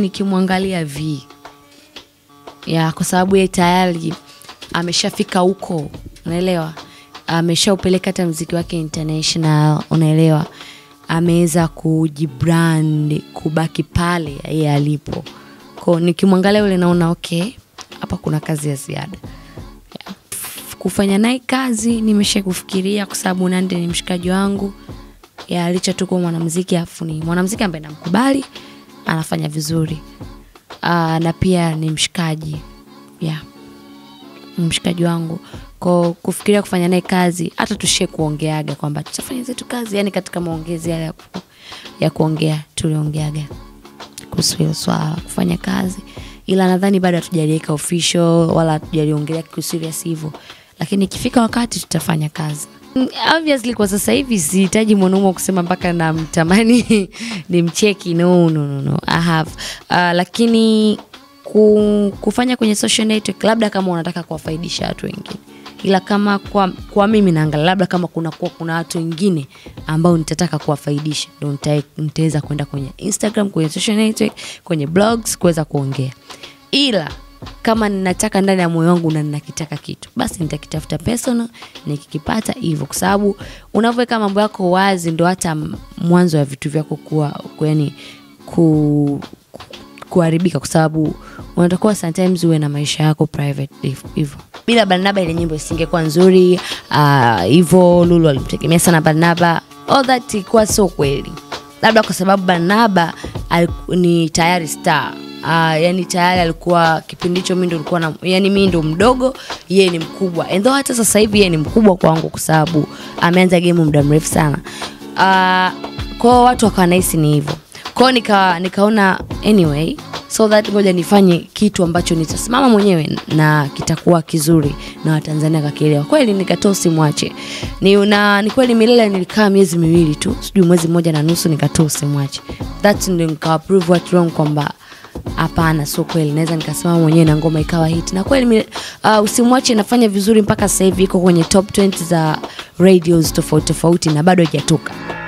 Nikimwangalia V ya kwa sababu ye tayari ameshafika huko, unaelewa, ameshaupeleka hata mziki wake international, unaelewa, ameweza kujibrand kubaki pale yeye alipo. ko nikimwangalia ule naona okay, hapa kuna kazi ya ziada Kufanya naye kazi nimesha kufikiria, kwa sababu Nande ni mshikaji wangu ya licha tu kuwa afu ni mwanamziki ambaye namkubali anafanya vizuri uh, na pia ni mshikaji yeah. mshikaji wangu ko kufikiria kufanya naye kazi hata tushie kuongeaga kwamba tutafanya zetu kazi yani katika maongezi yale ya, kuongea tuliongeaga kuhusu hilo swala kufanya kazi ila nadhani bado hatujaliweka ofisho wala hatujaliongelea kiusiriasi hivyo lakini ikifika wakati tutafanya kazi. Mm, obviously kwa sasa hivi sihitaji mwanaume kusema mpaka namtamani mcheki no, no, no, no. I have uh, lakini ku, kufanya kwenye social network, labda kama unataka kuwafaidisha watu wengine ila kama kwa, kwa mimi naangalia labda kama kuna kuwa kuna watu wengine ambao nitataka kuwafaidisha ndo nitaweza kwenda kwenye Instagram, kwenye social network, kwenye blogs kuweza kuongea ila kama ninataka ndani ya moyo wangu na ninakitaka kitu basi nitakitafuta personal nikikipata hivyo kwa sababu unavyoweka mambo yako wazi ndo hata mwanzo wa vitu vyako kuwa yani ku, kuharibika kwa sababu unatakuwa sometimes uwe na maisha yako private hivyo bila barnaba ile nyimbo isingekuwa nzuri ah, hivyo uh, lulu alimtegemea sana barnaba all that ilikuwa sio kweli labda kwa sababu barnaba ni tayari star uh, yani tayari alikuwa kipindi hicho mimi ndo nilikuwa na yani mimi ndo mdogo yeye ni mkubwa endo hata sasa hivi yeye ni mkubwa kwangu kwa sababu ameanza game muda mrefu sana uh, ah, kwao watu wakawa nahisi ni hivyo kwao nika, nikaona anyway so that ngoja nifanye kitu ambacho nitasimama mwenyewe na kitakuwa kizuri na watanzania wakakielewa kweli nikatoa usimwache ni, na, ni kweli milele nilikaa miezi miwili tu sijui mwezi mmoja na nusu nikatoa usimwache that ndio nikawaprove watu wangu kwamba Hapana, sio kweli. Naweza nikasimama mwenyewe na ngoma ikawa hit, na kweli uh, usimwache inafanya vizuri mpaka sasa hivi, iko kwenye top 20 za radios tofauti tofauti na bado haijatoka.